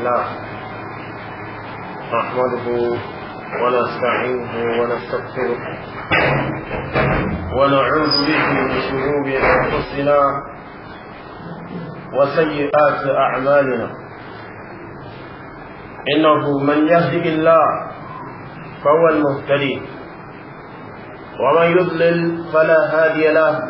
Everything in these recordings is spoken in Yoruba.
الله نحمده ونستعينه ونستغفره ونعوذ به من شرور انفسنا وسيئات اعمالنا انه من يهده الله فهو المهتدي ومن يضلل فلا هادي له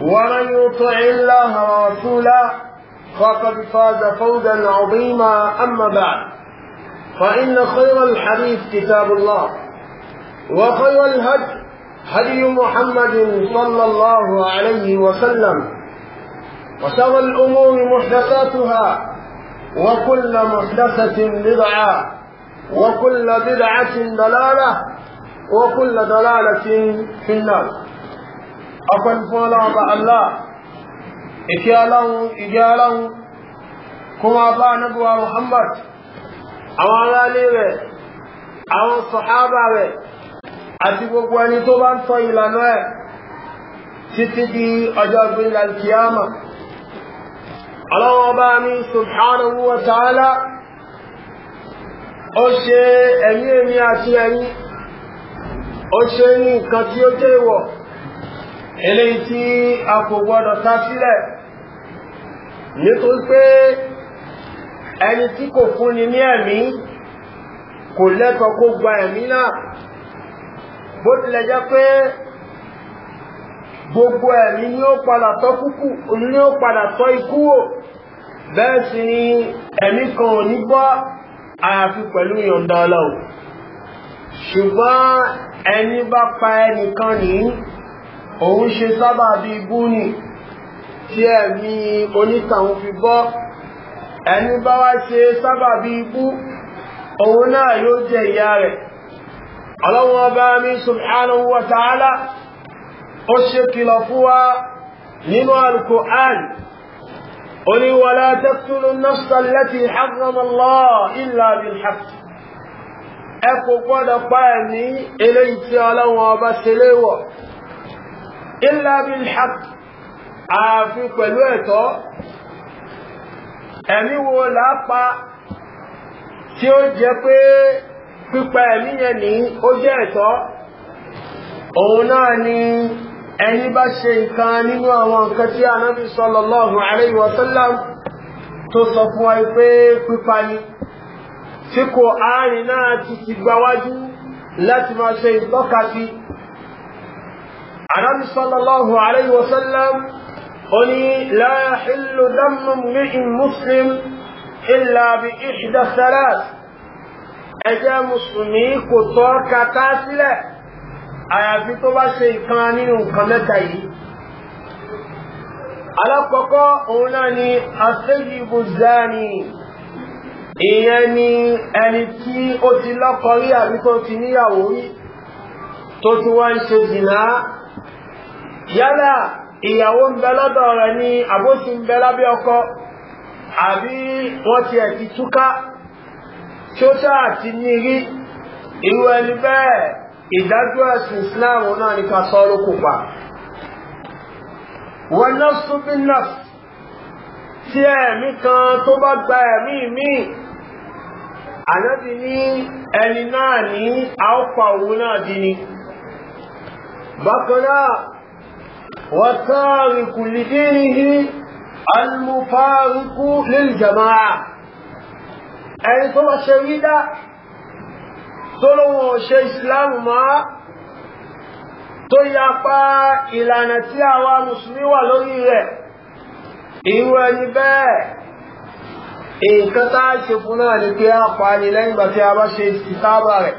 ومن يطع الله ورسوله فقد فاز فوزا عظيما أما بعد فإن خير الحديث كتاب الله وخير الهدي هدي محمد صلى الله عليه وسلم وشر الأمور محدثاتها وكل محدثة بدعة وكل بدعة دلالة وكل دلالة في النار ọpẹ́ fún ọlọ́ọ̀bá Allah ọba anábíwa Muhammad àwọn aráalé rẹ̀ àwọn sọ̀hábà rẹ̀ gbogbo ẹni tó bá ń tọ́ ìlànà ẹ̀ títí di ọjọ́ ìgbìlá kìíyàmà ọlọ́wọ́ bá ní subhanahu wa ta'ala ó ṣe ẹ̀mí èmi àti ẹ̀yìn ó ṣe ní nǹkan tí ó jẹ́ eléyìí tí a kò gbọ́dọ̀ ta sílẹ̀ nítorí pé ẹni tí kò fúnni ní ẹ̀mí kò lẹ́tọ̀ kó gba ẹ̀mí náà bó tilẹ̀ jẹ́ pé gbogbo ẹ̀mí ni ó padà tọ́ kúkú ní ó padà tọ́ ikú wò bẹ́ẹ̀ sì ni ẹ̀mí kan ò ní bọ́ àyàfi pẹ̀lú ìyọ̀ǹda ọlọ́run ṣùgbọ́n ẹni bá pa ẹnìkan nìyí òun ṣe sábà bí gúnì tí ẹ̀mí onítàun fi bọ́ ẹni bá wá ṣe sábà bí ibú òun náà yóò jẹ ìyá rẹ̀ ọlọ́wọ́n ọba mi subhanahu wa ta'ala ó ṣe kìlọ̀ fún wa nínú al-Qur'an oní wala taqtulu an-nafsa allati harrama ẹ kò gbọ́dọ̀ pa ẹ̀mí eléyìí tí ọlọ́wọ́n ọba ṣe léwọ̀ illa bil haqq ààfin pẹ̀lú ẹ̀tọ́ ẹ̀mí wo lápá tí ó jẹ́ pé pípa ẹ̀mí yẹn ní ó jẹ́ ẹ̀tọ́ òun náà ni ẹni bá ṣe nǹkan nínú àwọn nǹkan tí anábì sallallahu alayhi wa sallam tó sọ fún wa pé pípa ni tí kò áàrin náà ti ti gbáwájú láti máa ṣe ìtọ́ka sí i anábi sallallahu alayhi wa sallam ó ní láyà ìlú dámú mìín muslim ìlà bí ìṣìdá salat ẹjẹ́ mùsùlùmí kò tọ́ kàtá sílẹ̀ àyàfi tó bá ṣe ìkan nínú nǹkan mẹ́ta yìí alákọ̀ọ́kọ́ òun náà ni aṣẹ́yìnbó zani ìyẹn ni ẹni tí ó ti lọ́kọ rí àbí ti níyàwó rí tó ti wá ń ṣe zìnà yálà ìyàwó ń bẹ lọ́dọ̀ rẹ̀ ní àbóṣù ń bẹ lábẹ́ ọkọ àbí wọ́n ti ẹ̀ ti túká tí ó sáà ti ní rí irú ẹni bẹ́ẹ̀ ìdájọ́ ẹ̀sìn Islam náà ní ká sọ ló kópa wọ́n náà súnmí náà tí ẹ̀mí kan tó bá gba ẹ̀mí míì ànábì ní ẹni náà ní àópa òun náà di ni bákan náà والتارك لدينه المفارق للجماعة أي طبع شهيدة طلعوا شيء إسلام ما طيّقا إلى نتيا ومسلمي ولغيره إيوه نبيه nǹkan tá a ṣe fún náà ni pé a pa ni lẹ́yìn ìgbà tí a bá ṣe ìtaàbà rẹ̀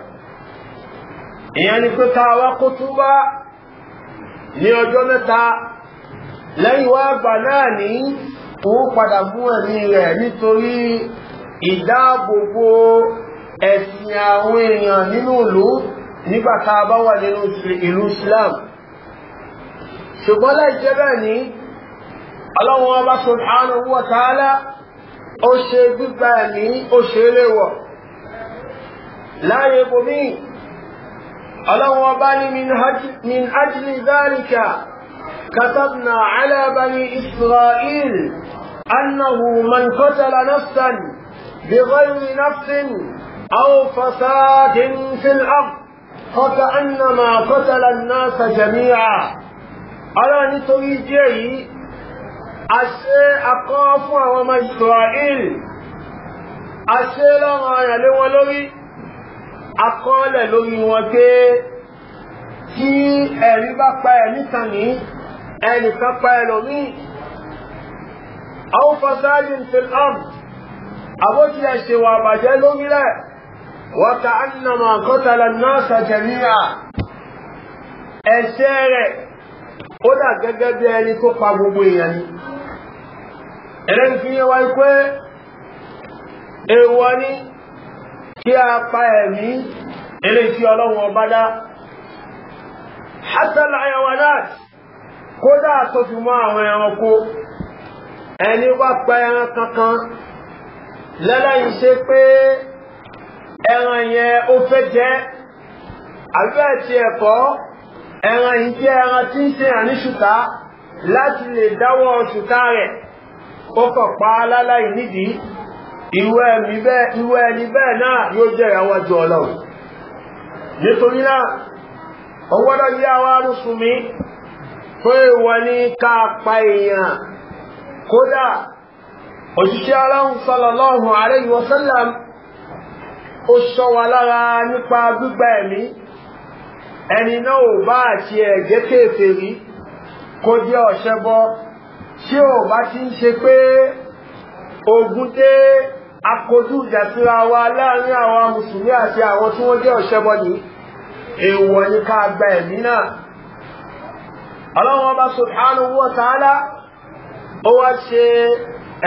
ìyẹn ni pé tá a wá kó túbá ní ọjọ́ mẹ́ta lẹ́yìn wá àgbà náà ní òun padà fún ẹ̀mí rẹ̀ nítorí ìdáàbòbò ẹ̀sìn àwọn èèyàn nínú ìlú nígbà tá a bá wà nínú ìlú Islam ṣùgbọ́n láì jẹ́ bẹ́ẹ̀ ní ọlọ́run ọba subhanahu wa ta'ala ó ṣe gbígba ẹ̀mí ó ṣe léwọ̀ láàyè ibòmíì ألا وبني من, من أجل ذلك كتبنا على بني إسرائيل أنه من قتل نفسا بغير نفس أو فساد في الأرض فكأنما قتل الناس جميعا ألا نتريجي أشي أقافها وما إسرائيل أشي لا غاية لولوي akọ́ọ̀lẹ̀ lórí wọn pé tí ẹ̀rí bá pa ẹ̀mí kan ní ẹnìkan pa ẹlòmí àwọn fasáàjì fil ard àbótí ẹ̀ṣẹ̀ wà bàjẹ́ lórílẹ̀ wọ́n ta annama qatala an-nasa jami'a ẹ̀ṣẹ̀ rẹ̀ ó dà gẹ́gẹ́ bí ẹni tó pa gbogbo èèyàn ni ẹ̀rẹ́ fi yẹ wáyé pé èèwọ̀ ni kí a pa ẹ̀mí eléyìí tí ọlọ́run ọba dá hasan ayawanat kódà tó fi mọ́ àwọn ẹranko ẹni wá pa ẹran kankan lẹ́lẹ́yìn ṣe pé ẹran yẹn ó fẹ́ jẹ́ àbí ẹ̀tì ẹ̀kọ́ ẹran yìí jẹ́ ẹran tí ń ṣe àníṣùtá láti lè dáwọ́ ṣùtá rẹ̀ ó kọ̀ pa á láláì nídìí irú ẹni bẹ́ẹ̀ náà yóò jẹ́ ìyàwójú ọlọ́run nítorí náà ọwọ́dọ̀ yí àwọn arúsùnmí tó ìwọ ní káàpá èèyàn kódà òṣìṣẹ́ aláhùn sallallahu alayhi wa sallam ó sọ wà lára nípa ẹ̀mí ẹni náà ò bá àti ẹ̀gẹ́ kéèfè rí kó jẹ́ ọ̀ṣẹ́bọ tí ò bá ti ń ṣe pé ogun dé akójú ti ra wa láàrin awon mùsùlùmí àti àwọn tí wọ́n jẹ́ ọ̀ṣẹ́bọ ni èèwọ̀ ni ká gba ẹ̀mí na Allahu ba subhanahu wa ta'ala ó wá ṣe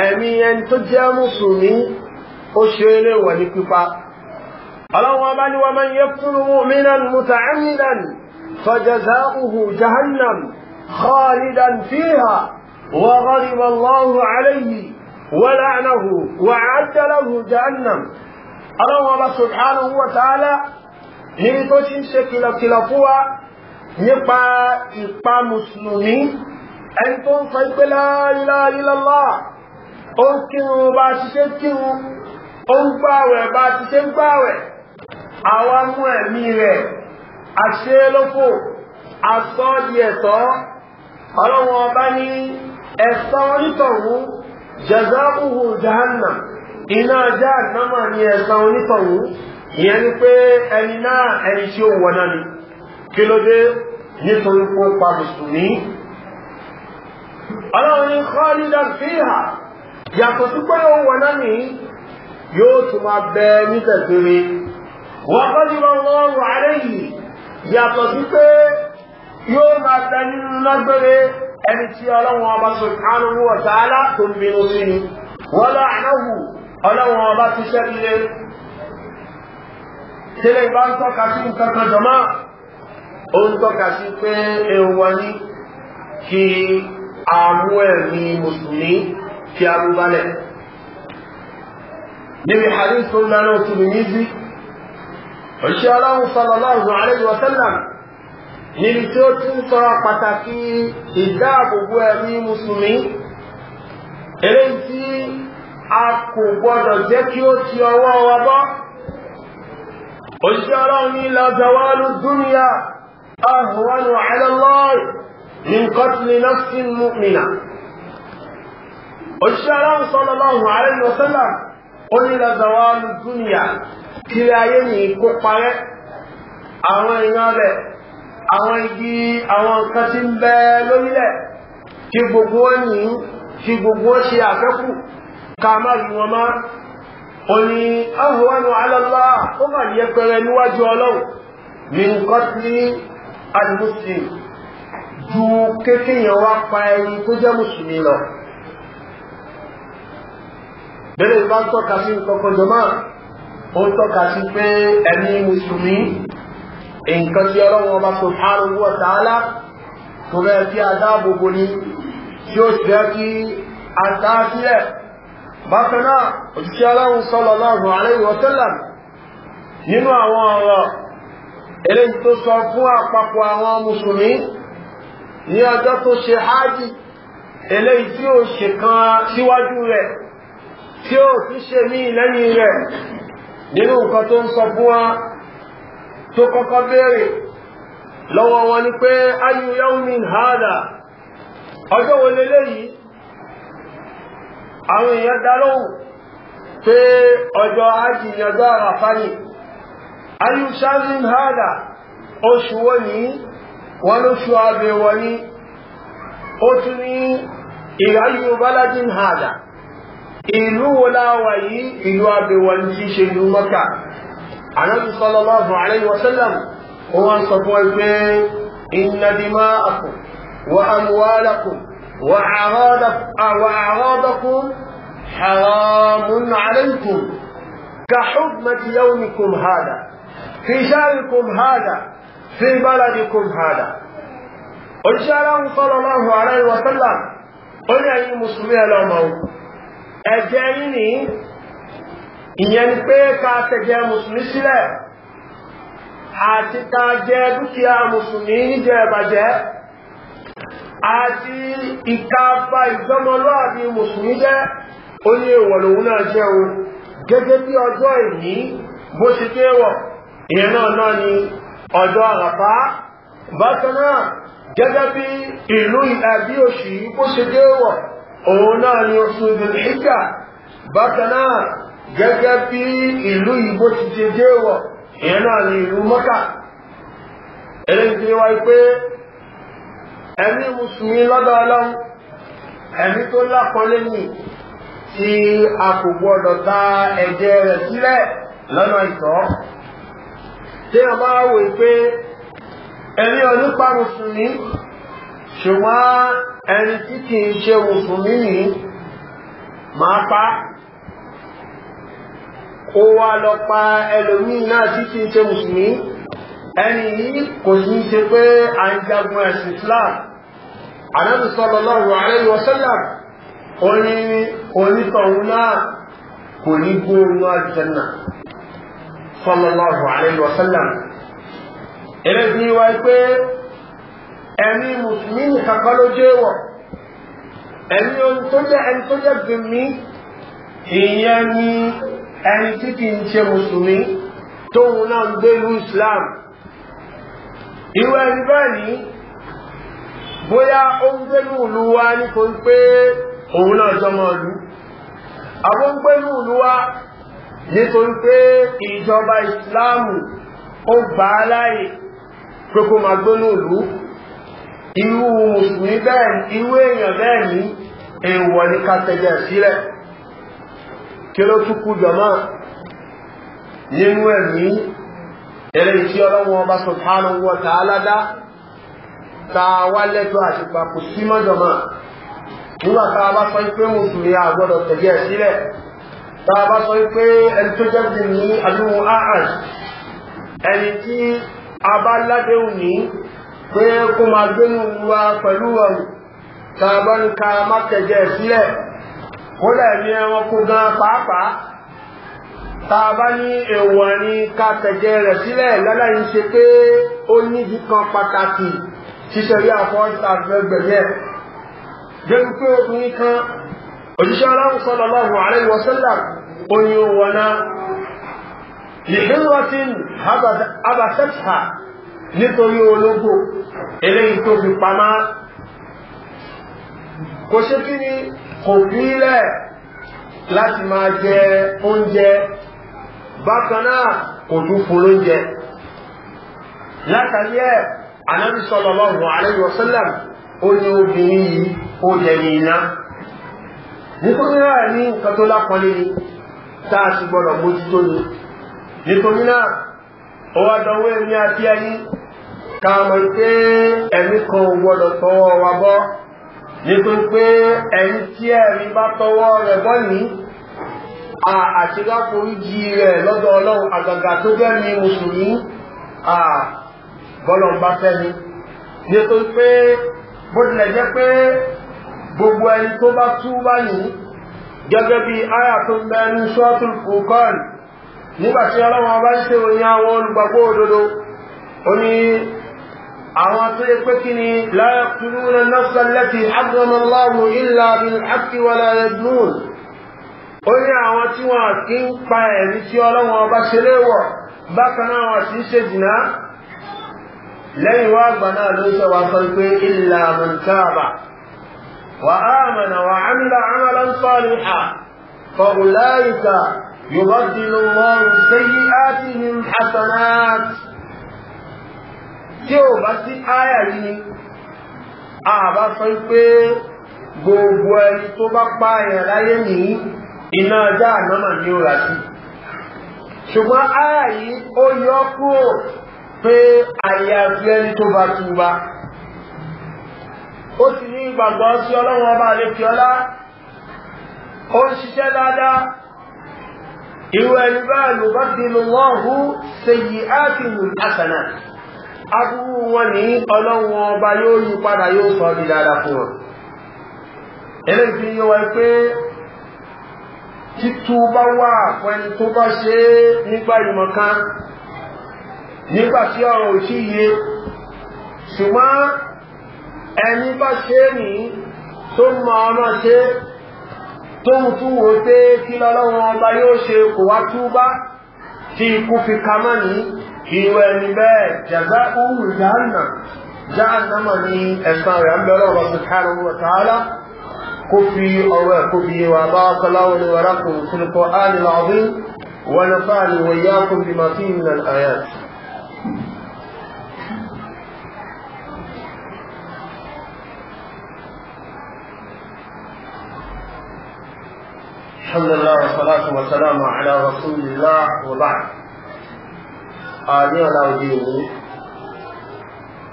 ẹ̀mí en tó jẹ́ mùsùlùmí ó ṣe le léèwọ̀ ní pípa Allahu ba ni wa man yaqtulu mu'minan muta'ammidan فجزاؤه جهنم خالدا فيها وغضب الله عليه ولعنه وعد له جهنم ọlọ́run ọba subhanahu wa ta'ala níbi tó ti ń ṣe kìlọ̀kìlọ̀ fún wa nípa ìpa mùsùlùmí ẹni tó ń sọ pé la ilaha illallah ó ń kírun bá ti ṣe kírun ó ń gbàwẹ̀ bá ti ṣe ń mú ẹ̀mí rẹ̀ àṣẹ lófò àsọ́ di ẹ̀tọ́ ọlọ́run ọba ní ẹ̀sọ́ onítọ̀hún jazaohu jahannam iná jahannama ni ẹ̀san onítọ̀hún ìyẹn ni pé ẹni náà ẹni tí ó wọ̀ náà ni kí ló dé nítorí pé ó pa mùsùlùmí ọlọ́run ní khalidan fiha yàtọ̀ sí pé ó wọ̀ náà ni yóò tún máa bẹ níbẹ̀ wọ́n kọ́jú lọ́wọ́ àárẹ̀ yìí yàtọ̀ sí pé yóò máa bẹ nínú lágbére ẹni tí ọlọ́wọ́n ọba subhanahu wa ta'ala tó bínú sí ni wọ́n lọ ànáwù ọlọ́wọ́n ọba ti ṣẹ́bílé tẹ́lẹ̀ bá ń tọ́ka sí nǹkan kan jọmọ́ ó ń tọ́ka sí pé èèwọ̀ ní kí àmú ẹ̀mí mùsùlùmí kí a níbi hadith tó ń lọ náà tùmí òṣìṣẹ́ ọlọ́run sallallahu alaihi wa sallam níbi tí ó tún tọ́ra pàtàkì ìdáàbòbò ẹ̀rí mùsùlùmí eré tí a kò gbọdọ̀ jẹ́ kí ó ti ọwọ́ wa bọ́ òṣìṣẹ́ ọlọ́run ní lọ́zọ̀wọ́lú dúnìyà ahùwánù àìlọ́lọ́rì ní kọtìlì òṣìṣẹ́ ọlọ́run ó ní lọ́zọ̀wọ́lú dúnìyà kí ayé ní àwọn èèyàn rẹ̀ àwọn igi àwọn nǹkan tí ń bẹ lórílẹ̀ kí gbogbo wọn yìí kí gbogbo wọn ṣe àfẹ́kù ká má rí wọn má òní ahùwánu alọ́lá ó mà ní ẹgbẹrẹ níwájú ọlọ́run ní nǹkan tí alimuslim ju kékèèyàn wá pa ẹni tó jẹ́ mùsùlùmí lọ bẹ́ẹ̀ bá tọ́ka sí nǹkan kan jọ máa ó tọ́ka sí pé ẹni mùsùlùmí nǹkan tí ọlọ́run ọba subhanahu wa ta'ala tó bẹ́ẹ̀ tí a dáàbòbò ni tí ó sì bẹ́ẹ̀ kí a dáàbílẹ̀ bákan náà òṣìṣẹ́ ọlọ́run sallallahu alaihi wa sallam nínú àwọn ọ̀rọ̀ eléyìí tó sọ fún àpapọ̀ àwọn mùsùlùmí ní ọjọ́ tó ṣe hájì eléyìí tí ó ṣe kan síwájú rẹ̀ tí ó fi ṣe ní lẹ́yìn rẹ̀ nínú nǹkan tó ń sọ fún wa tó kọ́kọ́ béèrè lọ́wọ́ wọn ni pé ayu yawmin hada ọjọ́ wo leléyìí àwọn èèyàn dá lóhùn pé ọjọ́ ajínigbà àràfáyì ayu shazin hada oṣù wo ní wọn lóṣù àbẹ̀wọ̀ ní ó tún ní ìráyù baladin hada ìlú wo láwà yìí ìlú ṣe ìlú النبي صلى الله عليه وسلم هو صفوان إن دماءكم وأموالكم وأعراضكم حرام عليكم كحبمة يومكم هذا في شهركم هذا في بلدكم هذا إن شاء الله صلى الله عليه وسلم قل أي مسلمين لهم أجعلني ìyẹn ni pé ká tẹ̀jẹ́ mùsùlùmí sílẹ̀ àti ká jẹ dúkìá mùsùlùmí níjẹ ìbàjẹ́ àti ìkàfà ìgbọ́mọlúàbí mùsùlùmí jẹ́ ó ní èèwọ̀ lòun náà jẹ́ o gẹ́gẹ́ bí ọjọ́ ìní bó ṣe tó èèwọ̀ ìyẹn náà náà ni ọjọ́ àràpá bákan náà gẹ́gẹ́ bí ìlú ìlàbí òṣì bó ṣe tó èèwọ̀ òun náà ni oṣù ìdìlẹ̀ bákan náà gẹ́gẹ́ bí ìlú ìgbó ti ṣe jẹ́ wọ̀ ìyẹn náà ní ìlú mọ́kà eléyìí ti wáyé pé ẹ̀mí mùsùlùmí lọ́dọ̀ ọlọ́run ẹ̀mí tó lápọ́nlé ní tí a kò gbọ́dọ̀ ta ẹ̀jẹ̀ rẹ̀ sílẹ̀ lọ́nà ìtọ́ tí wọ́n bá wò pé ẹ̀mí onípa mùsùlùmí ṣùgbọ́n ẹni tí kì í ṣe mùsùlùmí yìí máa pa á kó wá lọ pa ẹlòmíì náà títí ṣe mùsùlùmí ẹni yìí kò sí ṣe pé à ń jagun ẹ̀sìn Islam ànábì sallallahu alaihi wasallam oní onítọ̀hún náà kò ní gbóòórùn àjẹnà sallallahu alaihi wasallam ẹlẹ́bí wáyé pé ẹni mùsùlùmí nìkan kọ́ ló jẹ́ wọ̀ ẹni tó jẹ́ ẹni tó jẹ́ gbèmí ìyẹn ni ẹni tí kì í ṣe mùsùlùmí tóun náà ń gbélú islam irú ẹni bẹ́ẹ̀ ní bóyá ó ń gbélú ìlú wa nítorí pé òun náà jọmọ ìlú àwọn ń gbélú ìlú wa nítorí pé ìjọba ìsìláàmù ó gbà á láyè pé kó máa gbélú ìlú irú mùsùlùmí bẹ́ẹ̀ irú èèyàn bẹ́ẹ̀ ní èèwọ̀ ní ká tẹ̀jẹ̀ sílẹ̀ kí ló tún kú jọmọ́ nínú ẹ̀mí ẹ̀rẹ́ tí ọlọ́wọ́n ọba subhanahu wa ta'ala dá ta wá lẹ́tọ́ àti papò sí mọ́jọmọ́ nígbà tá a bá sọ pé mùsùlùmí àgbọ́dọ̀ tẹ̀lé ẹ̀ sílẹ̀ tá a bá sọ pé ẹni tó jẹ́ bí ní àdúgbò ahàn ẹni tí a bá ládéhùn ní pé kó máa gbénu wa pẹ̀lú ọ̀rùn tá a bá ní ká má tẹ̀lé ẹ̀ sílẹ̀ kódà ẹ̀mí ẹranko gan pàápàá tá a bá ní èèwọ̀ ni ká tẹ̀jẹ̀ rẹ̀ sílẹ̀ láláyìn ṣe pé ó níbi kan pàtàkì títẹ̀lé àfọ́jú àgbẹ̀gbẹ̀yẹ. Jẹ́nu pé obìnrin kan, òjíṣẹ́ aláwọ̀ sallallahu alaihi wasallam, oyin wọná. Lìhírọ́tín Abasẹ́tà nítorí ológbò, eléyìí tó fi pamá. Kò ṣe kí ni kò fílẹ̀ láti máa jẹ oúnjẹ bákan náà kò tún fún lóúnjẹ látàrí ẹ̀ anábì sallallahu alayhi wa sallam ó ní obìnrin yìí ó dẹni iná nítorí náà ní nǹkan tó lápọnlé ni tá a sì mójútó ni nítorí náà ó wá dánwó àti pé ẹ̀mí kan nítorí pé ẹ̀yìn tí ẹ̀rí bá tọwọ́ rẹ̀ bọ́ ní àṣíráforíjì rẹ̀ lọ́dọ̀ ọlọ́run àgàgà tó gẹ́mi mùsùlùmí bọ́lọ̀ ń bá fẹ́ni nítorí pé bó tilẹ̀ jẹ́ pé gbogbo ẹni tó bá tú bá gẹ́gẹ́ bí aya tó ń bẹ ní ṣọ́ọ̀tún fòkọ́ọ̀nù nígbàtí ọlọ́run ọba ń ṣe òyìn àwọn olùgbàgbọ́ òdodo ó ní àwọn tó yẹ pé kí ni láàkùnrin náà nọ́sà lẹ́tì agbọmọláwò ìlà àbíláàkíwọlá ẹ̀dùn ó ní àwọn tí wọ́n kí ń pa ẹ̀rí tí ọlọ́wọ́n ọba ṣe léwọ̀ bákan náà wọ́n sì ń ṣe jìnnà lẹ́yìn wá àgbà náà ló sọ wá sọ pé ìlà mọ̀ntàbà wà á mọ̀nà wà á ń lọ ń sọ́ọ̀lù hà fọ̀gùláyìíkà yóò bá dìlù mọ́rùn-ún sẹ́yìn á ní tí ò bá sí áyà yìí àbá sọ pé gbogbo ẹni tó bá pààyàn láyé ní iná ọjà ànámà ní ó rà sí ṣùgbọ́n áyà yìí ó yọ kúrò pé àyàfi ẹni tó bá túba ó sì ní ìgbàgbọ́ sí ọlọ́run ọba àlefiọ́lá ó ń ṣiṣẹ́ dáadáa irú ẹni bá dínú wọ́n hú sèyí áàfihàn àsànà aburú wọn ní ọlọ́run ọba yóò yí padà yóò sọ di dáadáa fún wọn eléyìí fi yé wa pé títúbà wà pẹ̀lú tó bá ṣe é nígbà ìmọ̀kan nígbà tí ọ̀rọ̀ ò sí yé ṣùgbọ́n ẹni bá ṣe é nìyí tó mọ ọmọ ṣe é tóun tún wò pé kí lọ́lọ́run ọba yóò ṣe kò wá túbá tí ikú fi kamọ́ nìyí. ìwẹ̀ ni bẹ́ẹ̀ jàzá òwú ìdáhànà jáàdámà ní ẹ̀sán rẹ̀ ń bẹ̀rẹ̀ ọ̀rọ̀ subhanahu wa ta'ala kó fi ọwọ́ ẹ̀ kó fi yé wa bá ọ̀sọ́láwọ̀ ni wàrà kò fún kọ́ áàlì lọ́dún wọn ni fáàlì wọ̀ yá kó fi máa fi ìlànà àyàt. الحمد لله والصلاة والسلام على رسول الله وبعد ní ọ̀la òde òní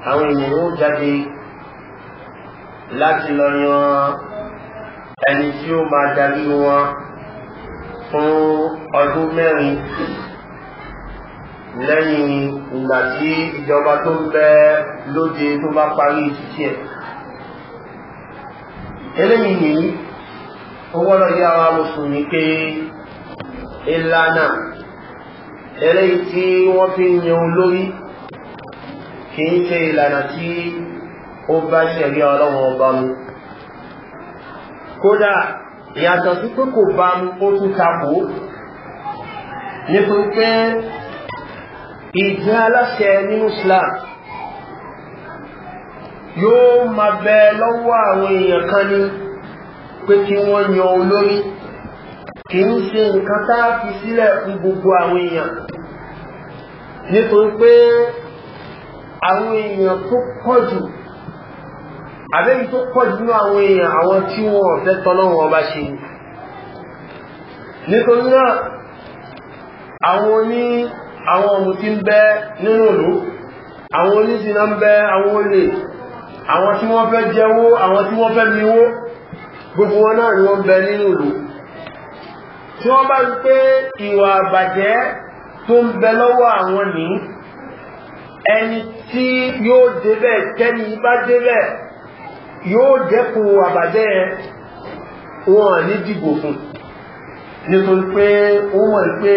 àwọn ènìyàn ó jáde láti lọ yan ẹni tí ó máa darí wọn fún ọdún mẹ́rin lẹ́yìn ìgbà tí ìjọba tó ń bẹ lóde tó bá parí títí ẹ̀. eléyìí nìyí owó ọlọ́yà wa mùsùlùmí pé ìlànà eléyìí tí wọ́n fi ń yan olórí kìí ṣe ìlànà tí ó bá ṣẹ̀rí ọlọ́run ọba mu kódà ìyàtọ̀ sí pé kò bá mu ó tún takò nítorí pé ìjẹ́ aláṣẹ nínú Islam yóò máa bẹ lọ́wọ́ àwọn èèyàn kan ní pé kí wọ́n yan olórí kì í ṣe nǹkan tá a fi sílẹ̀ fún gbogbo àwọn èèyàn nítorí pé àwọn èèyàn tó pọ̀ jù àbẹ́yìn tó pọ̀ jù nínú àwọn èèyàn àwọn tí wọ́n ọ̀fẹ́ tọ́lọ́wọ́n ọba ṣe ni nítorí náà àwọn oní àwọn ọmọ tí ń bẹ nínú ìlú àwọn oníṣìná ń bẹ àwọn olè àwọn tí wọ́n fẹ́ jẹ́wó àwọn tí wọ́n fẹ́ miwó gbogbo wọn náà ni wọ́n bẹ nínú ìlú tí wọ́n bá rí pé ìwà àbàjẹ́ tó ń bẹ lọ́wọ́ àwọn ní ẹni tí yóò débẹ̀ tẹ́ni bá débẹ̀ yóò dẹ́kun àbàjẹ́ wọn ní dìbò fún nítorí pé ó mọ̀ pé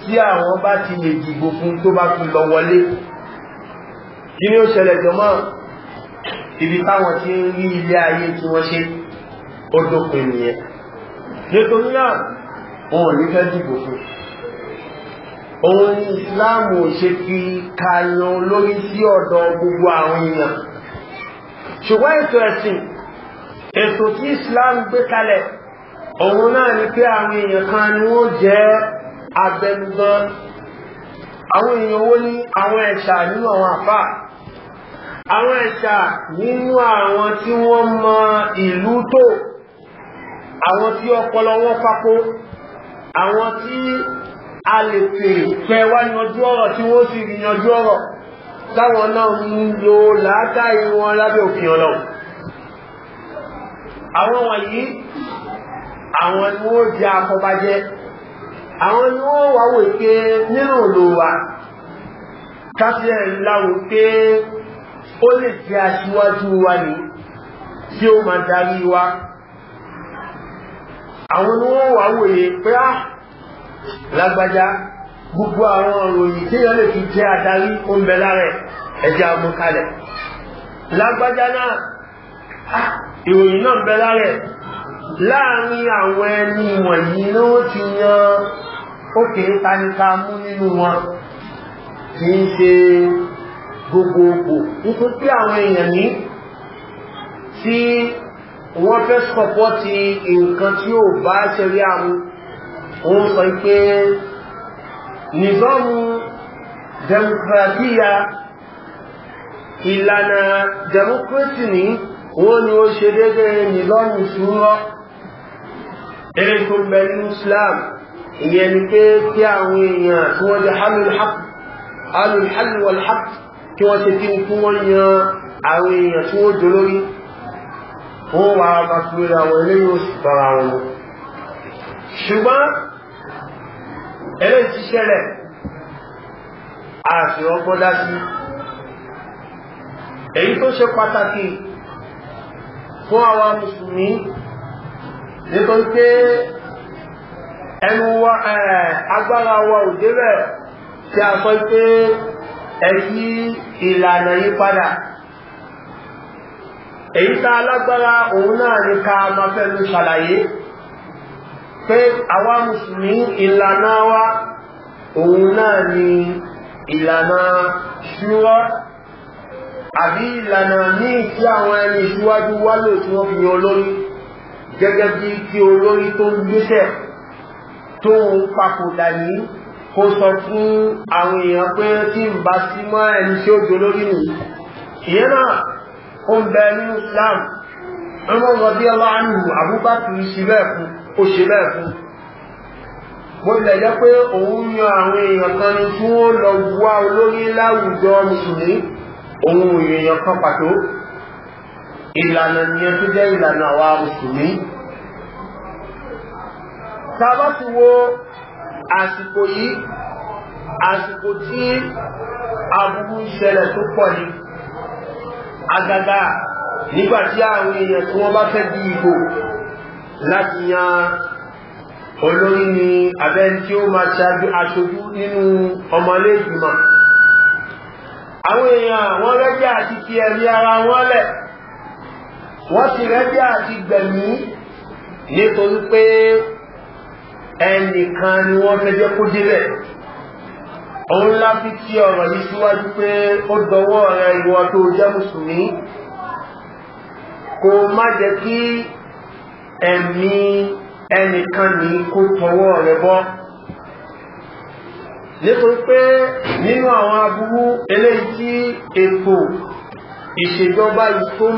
tí àwọn bá ti lè dìbò fún tó bá tún lọ wọlé kí ni ó ṣẹlẹ̀ jọmọ́ ibi táwọn ti ń rí ilé ayé tí wọ́n ṣe ó dópin nìyẹn nítorí náà wọn ò ní fẹ́ dìbò fún òun ni ìsìláàmù ṣe fi kàyàn olórí sí ọ̀dọ̀ gbogbo àwọn èèyàn ṣùgbọ́n ètò ẹ̀sìn ètò tí islam gbé kalẹ̀ òun náà ni pé àwọn èèyàn kan ni wọ́n jẹ́ abẹnugan àwọn èèyàn owó ní àwọn ẹ̀ṣà nínú àwọn àfà àwọn ẹ̀ṣà nínú àwọn tí wọ́n mọ ìlú tó àwọn tí ọpọlọ wọn pákó àwọn tí a lè pèrè fẹ́ wá yanjú ọ̀rọ̀ tí wọ́n sì rí yanjú ọ̀rọ̀ táwọn náà ń lo làákàyè wọn lábẹ́ òfin ọlọ́run àwọn wọ̀nyí àwọn ni wọ́n jẹ́ akọbajẹ́ àwọn ni wọ́n wà wò pé nínú òlò wa káfíẹ̀ láwò pé ó lè jẹ́ aṣíwájú wa ní tí ó máa darí wa àwọn ni wọ́n wà wòye pé á ah, lágbájá gbogbo àwọn òròyìn tí yẹn lè fi jẹ́ adarí ó ń bẹ lára ẹ̀jẹ̀ amúkalẹ̀ lágbájá náà ah, ìròyìn náà ń bẹ lára láàrin àwọn ẹni wọ̀nyí ni ó ti yan òkè tanika mú nínú wọn kì í ṣe gbogbogbò nítorí àwọn èèyàn ní tí wọ́n fẹ́ sọ̀pọ̀ ti nǹkan tí ó bá ṣẹ̀rí àmú wọ́n sọ pé nìzọ́mù demokradíyà ìlànà democracy ní wọ́n ni ó ṣe dédé nìzọ́mù ṣúrọ́ eré tó bẹ̀rẹ̀ islam ìyẹn ni pé kí àwọn èèyàn tí wọ́n jẹ́ alùhàlùwàlhàp kí wọ́n ṣe tí wọ́n yan àwọn èèyàn tí wọ́n jọ lórí wọ́n wà àpapìlẹ̀ àwọn eléyìn oṣù tọ́ra wọn ṣùgbọ́n eléyìn ti ṣẹlẹ̀ àti ọgbọ́dá sí èyí tó ṣe pàtàkì fún àwọn mùsùlùmí nítorí pé ẹnu wa agbára wa ò débẹ̀ tí a sọ pé ẹ̀yí ìlànà yí padà èyí tá alágbára òun náà ní ká máa fẹ́nu ṣàlàyé pé àwa mùsùlùmí ìlànà wa òun náà ni ìlànà ṣúwọ́ àbí ìlànà ní tí àwọn ẹni ìṣíwájú wá lò tí wọ́n fi yan olórí gẹ́gẹ́ bí kí olórí tó ń gbéṣẹ̀ tó ń papòdà yìí kó sọ fún àwọn èèyàn pé tí ń bá símọ́ ẹni tí ó jolórí nìyí ìyẹn náà ó ń bẹ nínú Islam ọmọ rọ̀bí aláàánú àbúbákìrì ṣe bẹ́ẹ̀ fún ó ṣe bẹ́ẹ̀ fún mo tilẹ̀ jẹ́ pé òun yan àwọn èèyàn kan ni tí wọ́n lọ wá olórí láwùjọ mùsùlùmí òun ò èèyàn kan pàtó ìlànà nìyẹn tó jẹ́ ìlànà àwa mùsùlùmí tá ti wo àsìkò yìí àsìkò tí aburú ṣẹlẹ̀ tó pọ̀ ni agaga nígbà tí àwọn èèyàn tí wọ́n bá fẹ́ di ìbò láti yan olórí ni abẹ́ni tí ó máa ṣáájú aṣojú nínú ọmọlé ìgbìmọ̀ àwọn èèyàn wọ́n rẹ́jẹ́ àti fi ẹ̀rí ara wọn lẹ̀ wọ́n ti rẹ́jẹ́ àti gbẹ̀mí nítorí pé ẹnìkan ni wọ́n fẹ́ jẹ́ kó délẹ̀ òun lá fi tí ọ̀rọ̀ yìí síwájú pé ó dọwọ́ rẹ ìwọ tó jẹ́ mùsùlùmí kò má jẹ́ kí ẹ̀mí ẹnìkan ní kó tọwọ́ rẹ bọ́ nítorí pé nínú àwọn aburú eléyìí tí ètò ìṣèjọba ìfó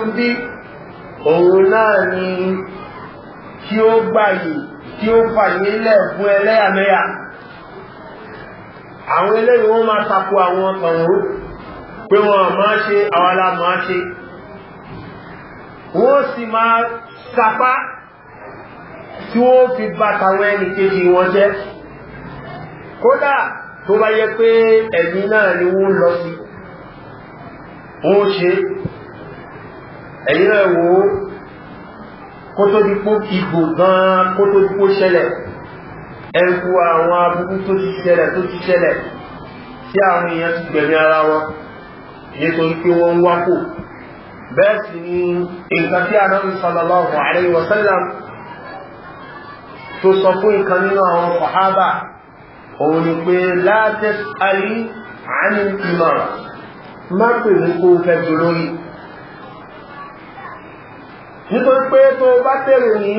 òun náà ni tí ó gbàyè tí ó fàyè lẹ̀ fún ẹlẹ́yàmẹ́yà àwọn eléyìí wọ́n máa tako àwọn ọ̀rọ̀ pé wọ́n máa ṣe àwọn aláàmọ́ ṣe wọ́n sì máa sapá tí wọ́n fi bá tàwọn ẹnì kejì wọn jẹ́ kódà tó bá yẹ pé ẹ̀mí náà ni wọ́n lọ sí wọ́n ṣe ẹ̀yìn náà wò ó kó gan-an kó ṣẹlẹ̀ ẹkú àwọn aburú tó ti ṣẹlẹ̀ tó ti ṣẹlẹ̀ tí àwọn èèyàn ti gbẹ̀mí ara wọn nítorí pé wọ́n ń wákò bẹ́ẹ̀ sì ni nǹkan tí anábì sallallahu alayhi wa sallam tó sọ fún ìkan nínú àwọn òun ni pé la tas'ali 'anil imara má pè mí kó fẹ́ nítorí pé tó bá tẹ̀lé ní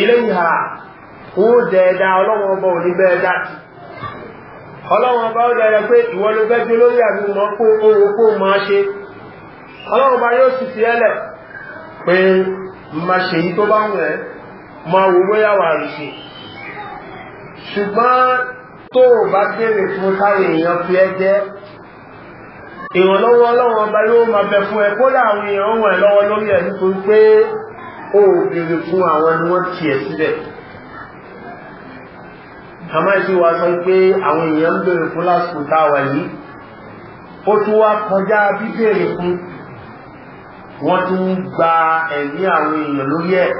iléyà ó dẹ̀ẹ̀dá ọlọ́wọ́n ọba ò ní bẹ́ẹ̀ dájú ọlọ́wọ́n ọba ó dẹ̀ẹ̀dá pé ìwọ ló fẹ́ bí olórí mọ́ kó owó kó ṣe ọlọ́wọ́n ọba yóò sì ti ẹlẹ̀ pé má ṣe yí tó bá ń rẹ̀ wà ṣùgbọ́n o bá béèrè fún èèyàn fi ẹ jẹ́ ìrànlọ́wọ́ ọlọ́wọ́n yóò máa fún ẹ kódà àwọn lọ́wọ́ lórí ẹ̀ nítorí pé ó bèèrè fún àwọn ni wọ́n tiẹ̀ síbẹ̀ kàmá ìtí wa sọ pé àwọn èèyàn ń bèèrè fún lásìkò táwà yìí ó tún wá kọjá bíbèèrè fún wọ́n tún gba ẹ̀mí àwọn èèyàn lórí ẹ̀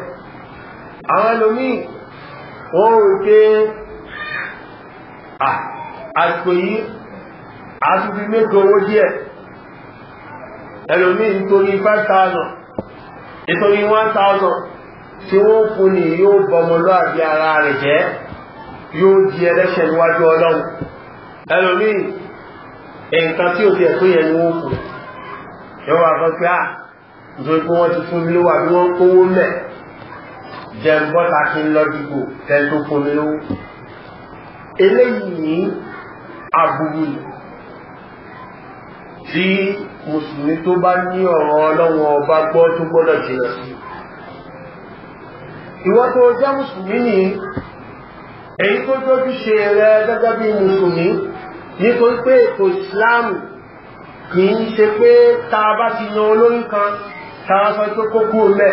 àwọn ẹlòmíì wọ́n rò pé àsìkò yìí àtúntí mẹ́jọ owó díẹ̀ ẹlòmíì nítorí 5000 nítorí one thousand tí wọ́n fún ni yóò bọmọlúàbí ara rẹ̀ jẹ́ yóò di ẹlẹ́ṣẹ̀ níwájú ọlọ́run ẹlòmíì nǹkan tí ò tiẹ̀ tó yẹ ni wọ́n fún yọwọ́ àkọ́kọ́ à nítorí pé wọ́n ti fún mi lówó àbí wọ́n kówó mẹ́ jẹun bọ́ta kí n lọ dìbò tẹ́ tó fún mi lówó eléyìí ní àbúrú yìí tí mùsùlùmí tó bá ní ọ̀rọ̀ ọlọ́wọ́ ọba gbọ́ tó gbọ́dọ̀ jìnà sí ìwọ́n tó jẹ́ mùsùlùmí ní èyí tó jójú ṣe rẹ gẹ́gẹ́ bí mùsùlùmí nítorí pé ètò islam kì í ṣe pé ta bá ti yan olórí kan ta sọ tó kó kú mẹ́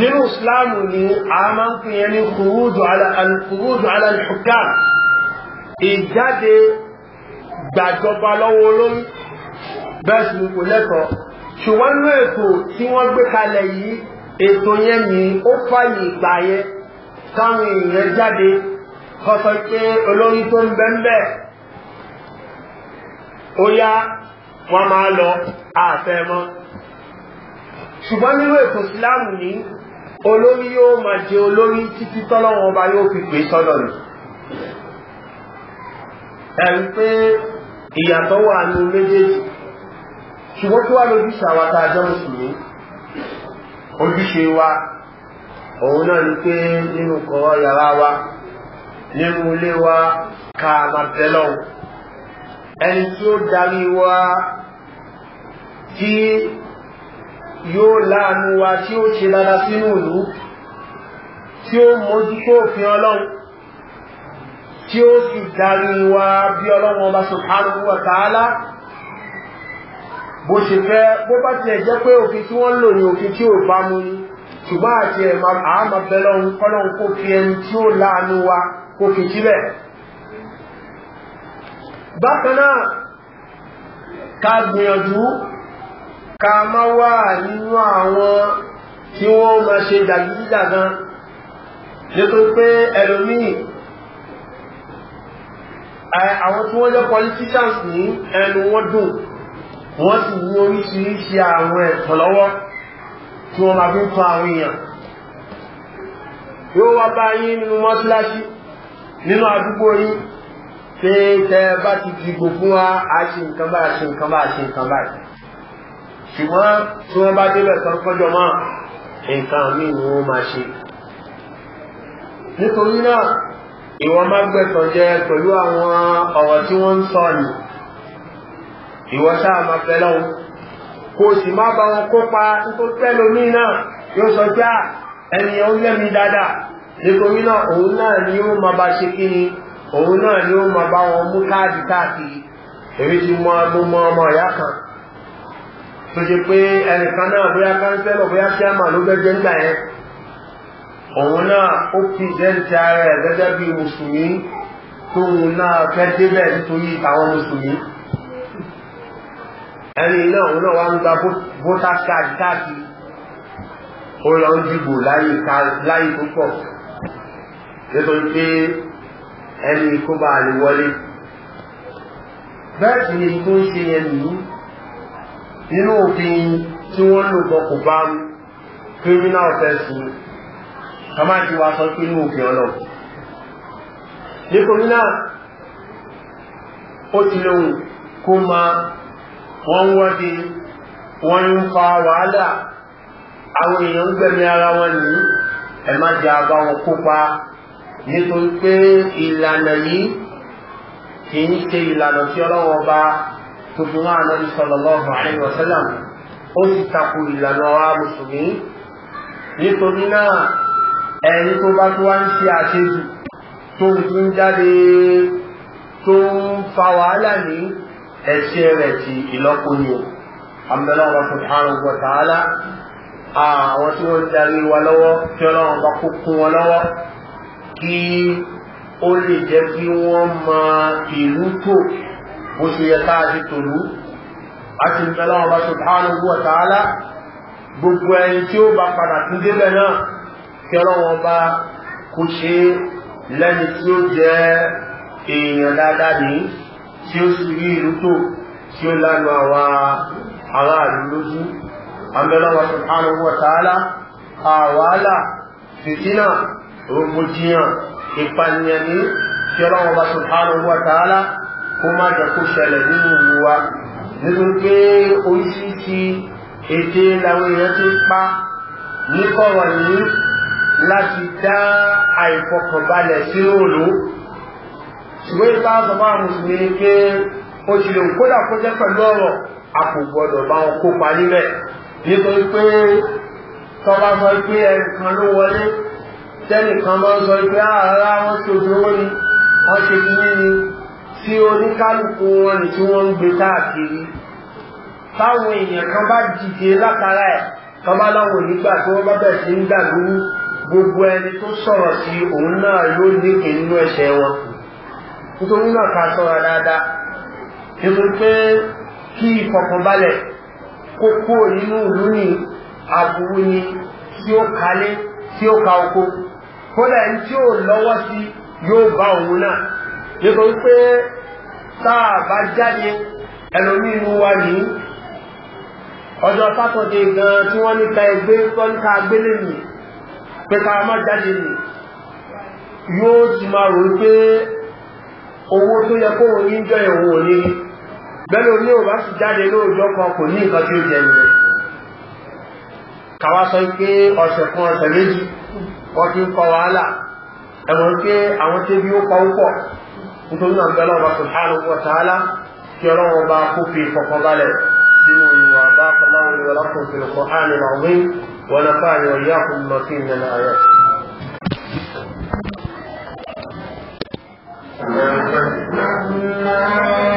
nínú islam ni a máa ń pè yẹn ní kùrúdù alàlùkùkà ìjáde gbàjọba lọ́wọ́ olórí bẹ́ẹ̀ sì ni kò lẹ́tọ̀ọ́ ṣùgbọ́n nínú ètò tí wọ́n gbé kalẹ̀ yìí ètò yẹn ni ó fàyè ìgbà yẹn táwọn èèyàn jáde kọ́sọ́ pé olórí tó ń bẹ́ ń bẹ́ ó yá wọ́n máa lọ àfẹ́ mọ́ ṣùgbọ́n nínú ètò ìsìláàmù ní olórí yóò máa jẹ olórí títí tọ́lọ́wọ́n ọba yóò fi pè é sọ́dọ̀ rẹ̀ ẹ̀rí pé ìyàtọ̀ wà ní méjèèjì ṣùgbọ́n tó wà lójúṣe àwa tá a jẹ́ mùsùlùmí ojúṣe wa òun náà ni pé nínú kọ̀ọ̀ yàrá wa nínú ilé wa ká máa bẹ́lọ̀ ẹni tí ó darí wa tí yóò láàánú wa tí ó ṣe dáadáa sínú ìlú tí ó mójútó òfin ọlọ́run tí ó sì darí wa bí ọlọ́run ọba subhanahu wa ta'ala bó ṣe fẹ́ bó bá tiẹ̀ jẹ́ pé òfin tí wọ́n lò ní òfin tí ò bá mu ni ṣùgbọ́n àti ẹ̀mà àmà bẹ́lọ́run kọ́lọ́run kó fi ẹni tí ó láàánú wa kó fi sílẹ̀ bákan náà ká gbìyànjú ká má wà nínú àwọn tí wọ́n máa ṣe dàgídàgan nítorí pé ẹlòmíì àwọn tí wọ́n jẹ́ politicians ní ẹnu wọ́n dùn wọ́n sì ní oríṣiríṣi àwọn ẹ̀tọ̀ lọ́wọ́ tí wọ́n ma fi ń tọ́ àwọn èèyàn yóò wá bá yín nínú mọ́síláṣí nínú àdúgbò yín pé tẹ́ bá ti dìbò fún wa a ṣe nǹkan báyìí a ṣe nǹkan báyìí a ṣe nǹkan báyìí ṣùgbọ́n tí wọ́n bá débẹ̀ tán kọjọ mọ́ nǹkan míì ni wọ́n máa ṣe nítorí náà ìwọ́n má gbẹ̀tọ̀ jẹ pẹ̀lú àwọn ọ̀rọ̀ tí wọ́n ń sọ ni ìwọ́n sáà máa fẹ́ lọ́wọ́ kó o sì má bá wọn kópa nítorí pẹ́lú mí náà yóò sọ pé ẹnìyàn ó lẹ́mi dáadáa nítorí náà òun náà ni ó máa bá ṣe kí ni òun náà ni ó máa bá wọn mú káàdì káàkiri èmi ti mọ mo mọ ọmọ ìyá kan tó ṣe pé ẹnìkan náà bóyá kánsẹ́lọ̀ bóyá fíàmà ló gbẹ́jẹ́ nígbà yẹn òun náà ó fi jẹ́ǹtì ara ẹ̀ gẹ́gẹ́ bí mùsùlùmí tóun náà fẹ́ débẹ̀ nítorí àwọn mùsùlùmí ẹni náà òun náà wá ń gba voter card káàkiri ó lọ ń dìbò láyé tó pọ̀ nítorí pé ẹni kó bá lè wọlé bẹ́ẹ̀ sì ni tó ń ṣe yẹn nìyí nínú òfin tí wọ́n lò kọ kò bá criminal offense ká má ti wá sọ pé ní òfin ọlọ nítorí náà ó ti lóhun kó máa wọ́n wọ́de wọ́n ń fa wàhálà àwọn èèyàn ń gbẹ̀mí ara wọn nìyí ẹ má jẹ́ àbá wọn kópa nítorí pé ìlànà yìí kì í ṣe ìlànà tí ọlọ́wọ́ bá tuntun náà nàbí sallallahu alaihi wasallam ó sì takò ìlànà wa mùsùlùmí nítorí náà ẹni tó bá tó wá ń ṣe àṣejù tó ń tún jáde tó ń fa wàhálà ní ẹ̀ṣẹ̀ rẹ̀ ti ìlọ́po ni o àmọ́lọ́wọ́ subhanahu wa ta'ala àwọn tí wọ́n ń darí wa lọ́wọ́ tí ọlọ́run bá kó kún wọn lọ́wọ́ kí ó lè jẹ́ kí wọ́n mọ ìlú tó bó ṣe yẹ ká àti tòlú àti ìmọ̀lọ́wọ́ subhanahu wa ta'ala gbogbo ẹni tí ó bá padà tún débẹ̀ náà kí ọlọ́wọ́n bá kó ṣe lẹ́ni tí ó jẹ́ èèyàn dáadáa ní tí ó sì rí ìlú tó tí ó lánà àwa aráàlú lójú àmẹ́lọ́wọ́ subhanahu wa ta'ala àwàálà fìtínà rògbòdìyàn ìpànìyàn ní tí ọlọ́wọ́n bá subhanahu wa ta'ala kó má jẹ kó ṣẹlẹ̀ nínú wa nítorí pé oríṣiríṣi ète làwọn èèyàn ní kọ̀rọ̀ yìí láti dá àìfọkànbalẹ̀ sí òòlù ṣùgbọ́n ìta àtọ́mọ́ àwọn ni pé ó ti lè kódà kó jẹ́ pẹ̀lú ọ̀rọ̀ a kò gbọ́dọ̀ bá wọn kópa níbẹ̀ nítorí pé tọ́ba sọ pé ẹnìkan ló wọlé tẹ́nìkan máa ń sọ pé ààrá ah, wọn ti òṣèwọ́ ni wọ́n ṣe kí ní ni tí oníkálukú wọn ni tí wọ́n ń gbé káàkiri táwọn èèyàn kan bá dìde látara ẹ̀ tọ́ba láwọn onígbà tí wọ́n bá bẹ̀ sí ń gbà gbogbo ẹni tó sọ̀rọ̀ sí òun náà ló níkè nínú ẹ̀ṣẹ̀ wọn nítorí náà ká sọ̀rọ̀ dáadáa nítorí pé kí ìfọ̀kànbalẹ̀ kókó nínú ìlú ni àbúrú ni tí ó kalé tí ó ka oko kódà ẹni tí ó lọ́wọ́ sí yóò bá òun náà nítorí pé táà bá jáde ẹlòmínú wa ní ọjọ́ sátọ̀dé gan tí wọ́n ní ẹgbẹ́ tó ń ká nìyí pé ká má jáde nì yóò sì máa rò pé owó tó yẹ kó òun níjọ ìwò òní bẹ́ẹ̀ ló ní ò bá sì jáde lóòjọ́ kan kò ní nǹkan tí ó jẹ nìyẹn kàwá sọ pé ọ̀sẹ̀ kan ọ̀sẹ̀ méjì wọ́n ti ń kọ wàhálà ẹ̀wọ̀n pé àwọn tẹ́bí ó pa ó nítorí náà gbẹ́lọ́ ọba subhanahu wa ta'ala kí ọlọ́run ọba kó fi ìfọ̀kànbalẹ̀ nínú ìwà bá kọ́láwọn ìwà lápò ìfẹ̀lẹ̀kọ́ àárín àwọn ونفعني وإياكم بما فيه من الآيات